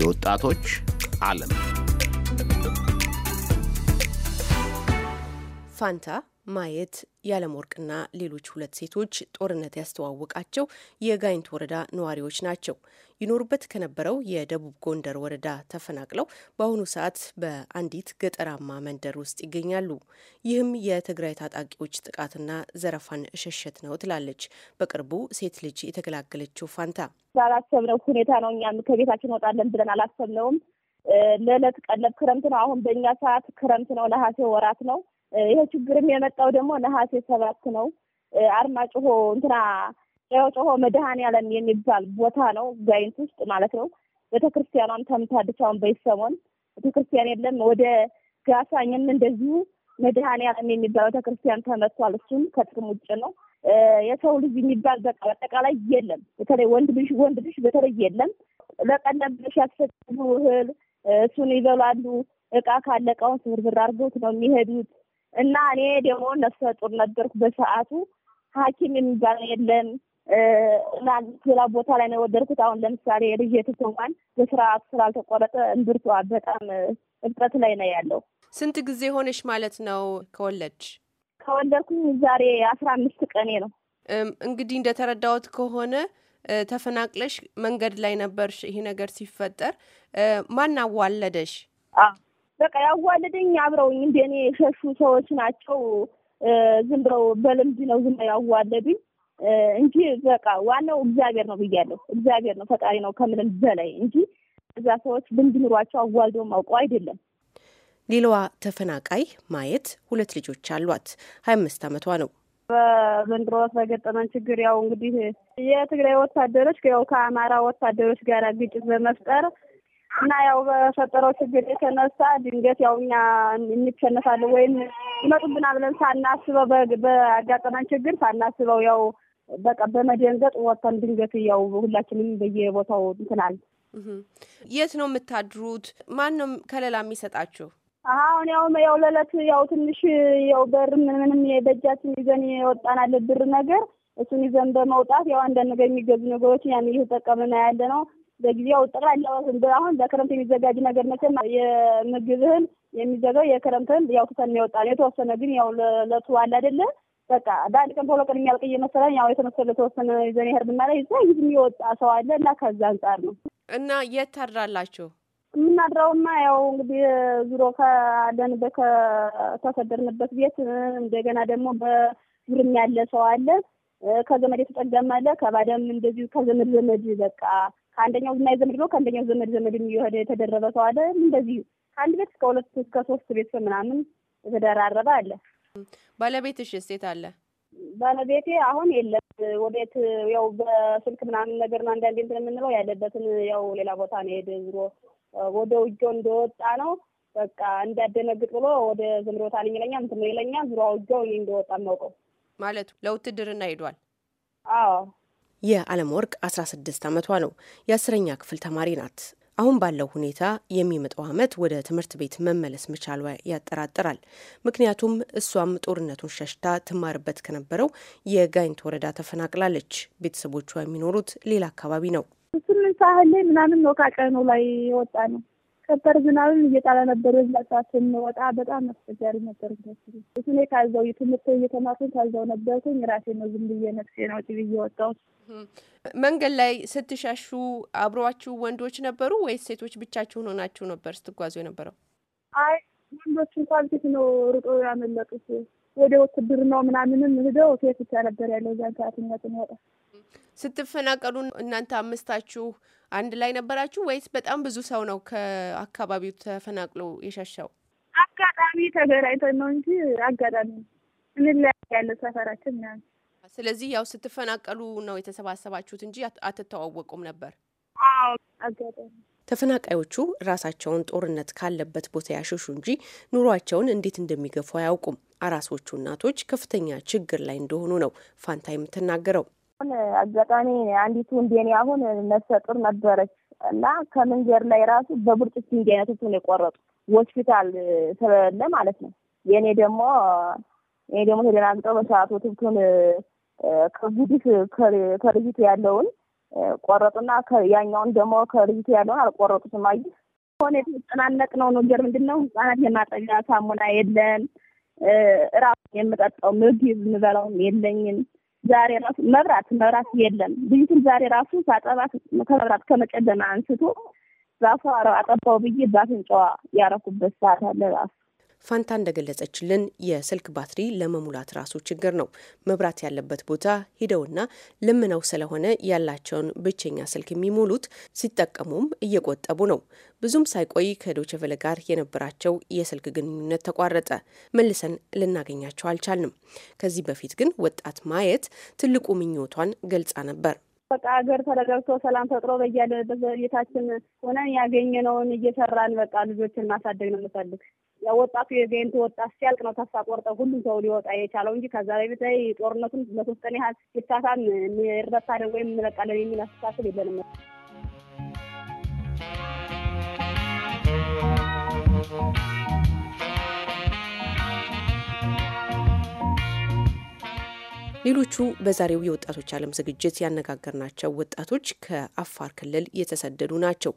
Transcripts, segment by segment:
የወጣቶች ዓለም ፋንታ ማየት ያለምወርቅና ሌሎች ሁለት ሴቶች ጦርነት ያስተዋወቃቸው የጋይንት ወረዳ ነዋሪዎች ናቸው። ይኖሩበት ከነበረው የደቡብ ጎንደር ወረዳ ተፈናቅለው በአሁኑ ሰዓት በአንዲት ገጠራማ መንደር ውስጥ ይገኛሉ። ይህም የትግራይ ታጣቂዎች ጥቃትና ዘረፋን እሸሸት ነው ትላለች በቅርቡ ሴት ልጅ የተገላገለችው ፋንታ ስላላሰብነው ሁኔታ ነው። እኛም ከቤታችን ወጣለን ብለን አላሰብነውም። ለዕለት ቀለብ ክረምት ነው። አሁን በእኛ ሰዓት ክረምት ነው፣ ነሐሴ ወራት ነው። ይሄ ችግርም የመጣው ደግሞ ነሐሴ ሰባት ነው። አርማጭሆ እንትና ጮሆ መድኃኔዓለም የሚባል ቦታ ነው፣ ጋይንት ውስጥ ማለት ነው። ቤተክርስቲያኗም ተምታለች። አሁን በይሰሞን ቤተክርስቲያን የለም። ወደ ጋሳኝም እንደዚሁ መድኃኔዓለም የሚባለው ቤተክርስቲያን ተመቷል። እሱም ከጥቅም ውጭ ነው። የሰው ልጅ የሚባል በቃ አጠቃላይ የለም። በተለይ ወንድ ልጅ ወንድ ልጅ በተለይ የለም። ለቀለም ብለሽ ያስፈጽሙ እህል እሱን ይበላሉ። እቃ ካለቀውን ስብርብር አድርገውት ነው የሚሄዱት። እና እኔ ደግሞ ነፍሰ ጡር ነበርኩ በሰዓቱ። ሐኪም የሚባል የለም እና ሌላ ቦታ ላይ ነው የወደድኩት። አሁን ለምሳሌ ልጅ ትቶማን በስርዓቱ ስላልተቆረጠ እምብርቷ በጣም እብጠት ላይ ነው ያለው። ስንት ጊዜ ሆነሽ ማለት ነው ከወለድሽ? ከወለድኩኝ ዛሬ አስራ አምስት ቀኔ ነው። እንግዲህ እንደተረዳሁት ከሆነ ተፈናቅለሽ መንገድ ላይ ነበርሽ ይሄ ነገር ሲፈጠር። ማን አዋለደሽ? በቃ ያዋለደኝ አብረውኝ እንደ እኔ የሸሹ ሰዎች ናቸው። ዝም ብለው በልምድ ነው ዝም ብለው ያዋለዱኝ እንጂ በቃ ዋናው እግዚአብሔር ነው ብያለሁ። እግዚአብሔር ነው ፈጣሪ ነው ከምንም በላይ እንጂ እዛ ሰዎች ልምድ ኑሯቸው አዋልደው አውቀው አይደለም ሌላዋ ተፈናቃይ ማየት ሁለት ልጆች አሏት። ሀያ አምስት አመቷ ነው። በዘንድሮ በገጠመን ችግር ያው እንግዲህ የትግራይ ወታደሮች ያው ከአማራ ወታደሮች ጋር ግጭት በመፍጠር እና ያው በፈጠረው ችግር የተነሳ ድንገት ያው እኛ እንሸነፋለን ወይም ይመጡብና ብለን ሳናስበው በአጋጠመን ችግር ሳናስበው ያው በቃ በመደንገጥ ወጥተን ድንገት ያው ሁላችንም በየቦታው እንትናል። የት ነው የምታድሩት? ማን ነው ከለላ የሚሰጣችሁ? አሁን ያው ያው ለዕለት ያው ትንሽ ያው በር ምን ምንም በእጃችን ይዘን የወጣናል ብር ነገር እሱን ይዘን በመውጣት ያው አንዳንድ ነገር የሚገዙ ነገሮችን ያን እየተጠቀምን ያለ ነው። በጊዜው ጠቅላላ አሁን በክረምት የሚዘጋጅ ነገር መቼም የምግብህን የሚዘጋው የክረምትን ያው ትተን የወጣ ነው። የተወሰነ ግን ያው ለዕለቱ አለ አይደለ በቃ በአንድ ቀን በሁለት ቀን የሚያልቅ እየመሰለን ያው የተመሰለ ተወሰነ ይዘን ይሄድ ብናለ ይዛ ይዝ የሚወጣ ሰው አለ እና ከዛ አንጻር ነው እና የት ታድራላችሁ? የምናድረውማ ያው እንግዲህ ዙሮ ከአለንበት ከተሰደርንበት ቤት እንደገና ደግሞ በዙርም ያለ ሰው አለ፣ ከዘመድ የተጠገመ አለ፣ ከባደም እንደዚሁ ከዘመድ ዘመድ በቃ ከአንደኛው ዝና ዘመድ ብሎ ከአንደኛው ዘመድ ዘመድ እየሄደ የተደረበ ሰው አለ። እንደዚሁ ከአንድ ቤት እስከ ሁለት እስከ ሶስት ቤተሰብ ምናምን የተደራረበ አለ። ባለቤትሽ ሴት አለ? ባለቤቴ አሁን የለም። ወዴት ያው በስልክ ምናምን ነገር ነው አንዳንዴ እንትን የምንለው ያለበትን ያው ሌላ ቦታ ነው ሄደ ዞሮ ወደ ውጆ እንደወጣ ነው። በቃ እንዳደነግጥ ብሎ ወደ ዘምሮታን ይለኛል ምትም ይለኛ ዙሪያ ውጆ እኔ እንደወጣ ማውቀው ማለቱ ለውትድርና ሄዷል። አዎ የአለም ወርቅ አስራ ስድስት አመቷ ነው። የአስረኛ ክፍል ተማሪ ናት። አሁን ባለው ሁኔታ የሚመጣው አመት ወደ ትምህርት ቤት መመለስ መቻሏ ያጠራጥራል። ምክንያቱም እሷም ጦርነቱን ሸሽታ ትማርበት ከነበረው የጋይንት ወረዳ ተፈናቅላለች። ቤተሰቦቿ የሚኖሩት ሌላ አካባቢ ነው። ምናምን ሳህል ላይ ምናምን ነው ካቀኑ ላይ የወጣ ነው። ከበር ዝናብም እየጣለ ነበር። በዛ ሰዓት ስንወጣ በጣም አስቸጋሪ ነበር። እኔ ካዘው ትምህርት እየተማርኩኝ ካዘው ነበርኩኝ ራሴ ነው ዝም ብዬ ነፍሴ ነው ጭ እየወጣው ወጣሁት። መንገድ ላይ ስትሻሹ አብረዋችሁ ወንዶች ነበሩ ወይስ ሴቶች ብቻችሁን ሆናችሁ ነበር ስትጓዙ የነበረው? አይ ወንዶች እንኳን ፊት ነው ሩጦ ያመለጡት ወደ ውትድርና ምናምንም ሂደው ሴት ብቻ ነበር ያለው እዛን ሰዓት እኛ ወጣ ስትፈናቀሉ እናንተ አምስታችሁ አንድ ላይ ነበራችሁ ወይስ በጣም ብዙ ሰው ነው ከአካባቢው ተፈናቅሎ የሸሸው? አጋጣሚ ተገናኝተን ነው እንጂ አጋጣሚ እንለያያለን ሰፈራችን። ስለዚህ ያው ስትፈናቀሉ ነው የተሰባሰባችሁት እንጂ አትተዋወቁም ነበር? አዎ አጋጣሚ ተፈናቃዮቹ ራሳቸውን ጦርነት ካለበት ቦታ ያሸሹ እንጂ ኑሯቸውን እንዴት እንደሚገፉ አያውቁም። አራሶቹ እናቶች ከፍተኛ ችግር ላይ እንደሆኑ ነው ፋንታ የምትናገረው። አሁን አጋጣሚ አንዲቱ እንደኔ አሁን ነፍሰ ጡር ነበረች እና ከመንገድ ላይ ራሱ በቡርጭት እንዲህ አይነቱ ነው የቆረጡ ሆስፒታል ስለሌለ ማለት ነው። የእኔ ደግሞ እኔ ደግሞ ተደናግጠው በሰዓቱ ትብቱን ከጉዲት ከልጅቱ ያለውን ቆረጡና ያኛውን ደግሞ ከልጅቱ ያለውን አልቆረጡትም። አይ ሆነ የተጨናነቅ ነው ነገር ምንድን ነው ህጻናት የማጠቢያ ሳሙና የለን፣ እራሱ የምጠጣው ምግብ የምበላውም የለኝም ዛሬ ራሱ መብራት መብራት የለም። ልጅቱን ዛሬ ራሱ ሳጠባት ከመብራት ከመጨለማ አንስቶ ዛፏ አጠባው ብዬ ዛፍንጫዋ ያረኩበት ሰዓት አለ ራሱ ፋንታ እንደገለጸችልን የስልክ ባትሪ ለመሙላት ራሱ ችግር ነው። መብራት ያለበት ቦታ ሂደውና ለምነው ስለሆነ ያላቸውን ብቸኛ ስልክ የሚሞሉት ሲጠቀሙም እየቆጠቡ ነው። ብዙም ሳይቆይ ከዶችቨለ ጋር የነበራቸው የስልክ ግንኙነት ተቋረጠ። መልሰን ልናገኛቸው አልቻልንም። ከዚህ በፊት ግን ወጣት ማየት ትልቁ ምኞቷን ገልጻ ነበር። በቃ ሀገር ተረጋግቶ ሰላም ፈጥሮ በያለበት ቤታችን ሆነን ያገኘነውን እየሰራን በቃ ልጆችን ማሳደግ ነው የምፈልግ። ያው ወጣቱ የገይንት ወጣት ሲያልቅ ነው ተስፋ ቆርጠው ሁሉም ሰው ሊወጣ የቻለው እንጂ ከዛ በፊት ላይ ጦርነቱን ለሶስት ቀን ያህል ሲሳሳን እንረታለን ወይም እንበቃለን የሚል አስተሳሰብ የለንም። Thank you. ሌሎቹ በዛሬው የወጣቶች ዓለም ዝግጅት ያነጋገርናቸው ወጣቶች ከአፋር ክልል የተሰደዱ ናቸው።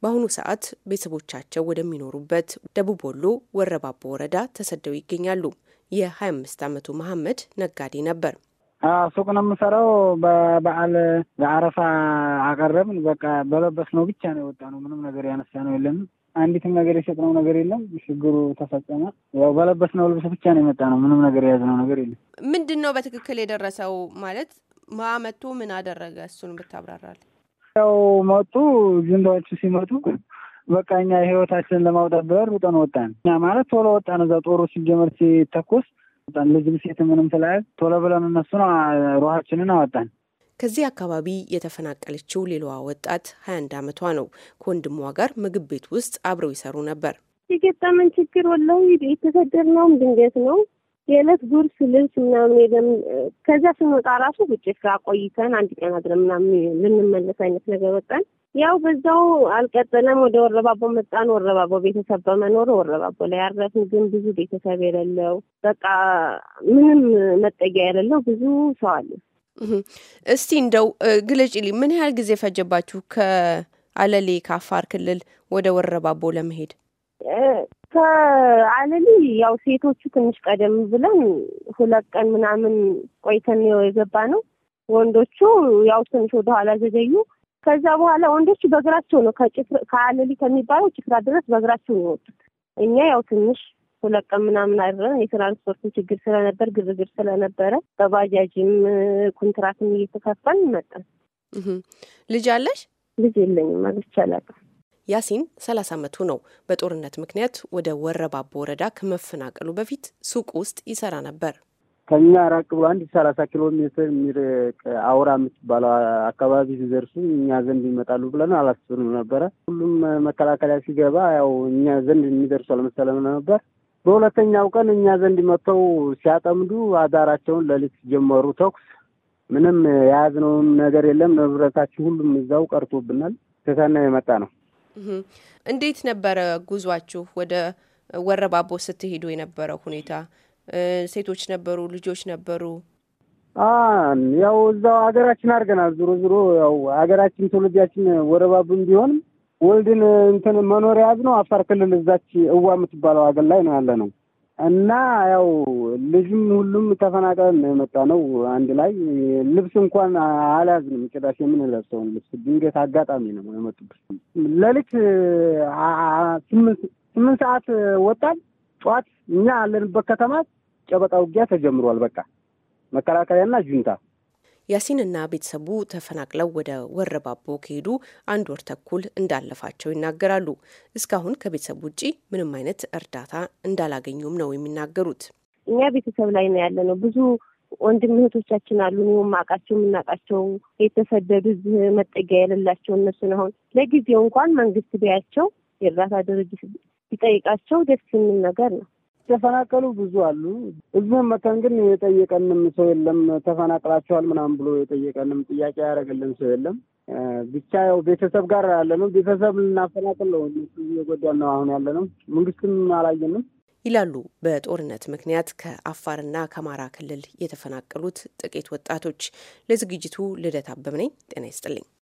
በአሁኑ ሰዓት ቤተሰቦቻቸው ወደሚኖሩበት ደቡብ ወሎ ወረባቦ ወረዳ ተሰደው ይገኛሉ። የ25 ዓመቱ መሐመድ ነጋዴ ነበር። ሱቅ ነው የምሰራው። በበዓል በአረፋ አቀረብን። በቃ በለበስ ነው ብቻ ነው የወጣ ነው። ምንም ነገር ያነሳ ነው የለንም አንዲትም ነገር የሸጥነው ነገር የለም። ችግሩ ተፈጸመ። ያው በለበስነው ልብስ ብቻ ነው የመጣ ነው። ምንም ነገር የያዝነው ነገር የለም። ምንድን ነው በትክክል የደረሰው ማለት መቶ ምን አደረገ? እሱን ብታብራራል። ያው መጡ ዝንዳዎቹ ሲመጡ በቃ እኛ ህይወታችንን ለማውጣት ብለን ሩጠን ወጣን። እኛ ማለት ቶሎ ወጣን። እዛ ጦሩ ሲጀመር ሲተኮስ ልጅም ሴት ምንም ስላያዝ ቶሎ ብለን እነሱን ሮሃችንን አወጣን። ከዚህ አካባቢ የተፈናቀለችው ሌላዋ ወጣት 21 ዓመቷ ነው። ከወንድሟ ጋር ምግብ ቤት ውስጥ አብረው ይሰሩ ነበር። የገጠመን ችግር ወለው የተሰደር ነው ድንገት ነው የዕለት ጉርስ ልብስ ምናምን የለም። ከዚያ ስንወጣ ራሱ ውጭ ስራ ቆይተን አንድ ቀን አድረን ምናምን ልንመለስ አይነት ነገር ወጣን። ያው በዛው አልቀጠለም። ወደ ወረባቦ መጣን። ወረባቦ ቤተሰብ በመኖር ወረባቦ ላይ ያረፍን፣ ግን ብዙ ቤተሰብ የሌለው በቃ ምንም መጠጊያ የሌለው ብዙ ሰው አለ። እስቲ እንደው ሊ ምን ያህል ጊዜ ፈጀባችሁ ከአለሌ ከአፋር ክልል ወደ ወረባቦ ለመሄድ? ከአለሌ ያው ሴቶቹ ትንሽ ቀደም ብለን ሁለት ቀን ምናምን ቆይተን የገባ ነው። ወንዶቹ ያው ትንሽ ወደኋላ ዘገዩ። ከዛ በኋላ ወንዶቹ በእግራቸው ነው ከአለሌ ከሚባለው ጭፍራ ድረስ በእግራቸው ነው የወጡት። እኛ ያው ትንሽ ሁለት ቀን ምናምን አድረን የትራንስፖርቱ ችግር ስለነበር ግርግር ስለነበረ በባጃጅም ኮንትራትም እየተከፈል መጣን። ልጅ አለሽ? ልጅ የለኝም ማለት ይቻላል። ያሲን ሰላሳ አመቱ ነው። በጦርነት ምክንያት ወደ ወረባቦ ወረዳ ከመፈናቀሉ በፊት ሱቅ ውስጥ ይሰራ ነበር። ከኛ ራቅ ብሎ አንድ ሰላሳ ኪሎ ሜትር የሚርቅ አውራ የምትባለው አካባቢ ሲደርሱ እኛ ዘንድ ይመጣሉ ብለን አላስብንም ነበረ። ሁሉም መከላከያ ሲገባ ያው እኛ ዘንድ የሚደርሱ አልመሰለም ነበር። በሁለተኛው ቀን እኛ ዘንድ መጥተው ሲያጠምዱ አዳራቸውን ለሊት ጀመሩ ተኩስ። ምንም የያዝነውም ነገር የለም። ንብረታችን ሁሉም እዛው ቀርቶብናል። ትተና የመጣ ነው። እንዴት ነበረ ጉዟችሁ? ወደ ወረባቦ ስትሄዱ የነበረው ሁኔታ ሴቶች ነበሩ፣ ልጆች ነበሩ። ያው እዛው ሀገራችን አድርገናል። ዞሮ ዞሮ ያው ሀገራችን ትውልዳችን ወረባቡ ቢሆንም ወልድን እንትን መኖሪያ ያዝ ነው አፋር ክልል እዛች እዋ የምትባለው አገር ላይ ነው ያለ ነው እና ያው ልጅም ሁሉም ተፈናቅለን ነው የመጣ ነው። አንድ ላይ ልብስ እንኳን አልያዝንም። ጭራሽ የምንለብሰውን ልብስ ድንገት አጋጣሚ ነው የመጡበት። ሌሊት ስምንት ሰዓት ወጣን። ጠዋት እኛ ያለንበት ከተማ ጨበጣ ውጊያ ተጀምሯል። በቃ መከላከያና ጁንታ ያሲንና ቤተሰቡ ተፈናቅለው ወደ ወረባቦ ከሄዱ አንድ ወር ተኩል እንዳለፋቸው ይናገራሉ። እስካሁን ከቤተሰቡ ውጭ ምንም አይነት እርዳታ እንዳላገኙም ነው የሚናገሩት። እኛ ቤተሰብ ላይ ነው ያለ ነው። ብዙ ወንድም እህቶቻችን አሉ። ማቃቸው የምናውቃቸው የተሰደዱ እዚህ መጠጊያ የሌላቸው እነሱን አሁን ለጊዜው እንኳን መንግስት ቢያቸው የእርዳታ ድርጅት ቢጠይቃቸው ደስ የሚል ነገር ነው። የተፈናቀሉ ብዙ አሉ። እዚህም መተን ግን የጠየቀንም ሰው የለም። ተፈናቅላቸዋል ምናምን ብሎ የጠየቀንም ጥያቄ ያደረገልን ሰው የለም። ብቻ ያው ቤተሰብ ጋር ያለ ነው። ቤተሰብ ልናፈናቅል ነው ነው አሁን ያለ ነው። መንግስትም አላየንም ይላሉ። በጦርነት ምክንያት ከአፋርና ከአማራ ክልል የተፈናቀሉት ጥቂት ወጣቶች። ለዝግጅቱ ልደት አበብነኝ ጤና ይስጥልኝ።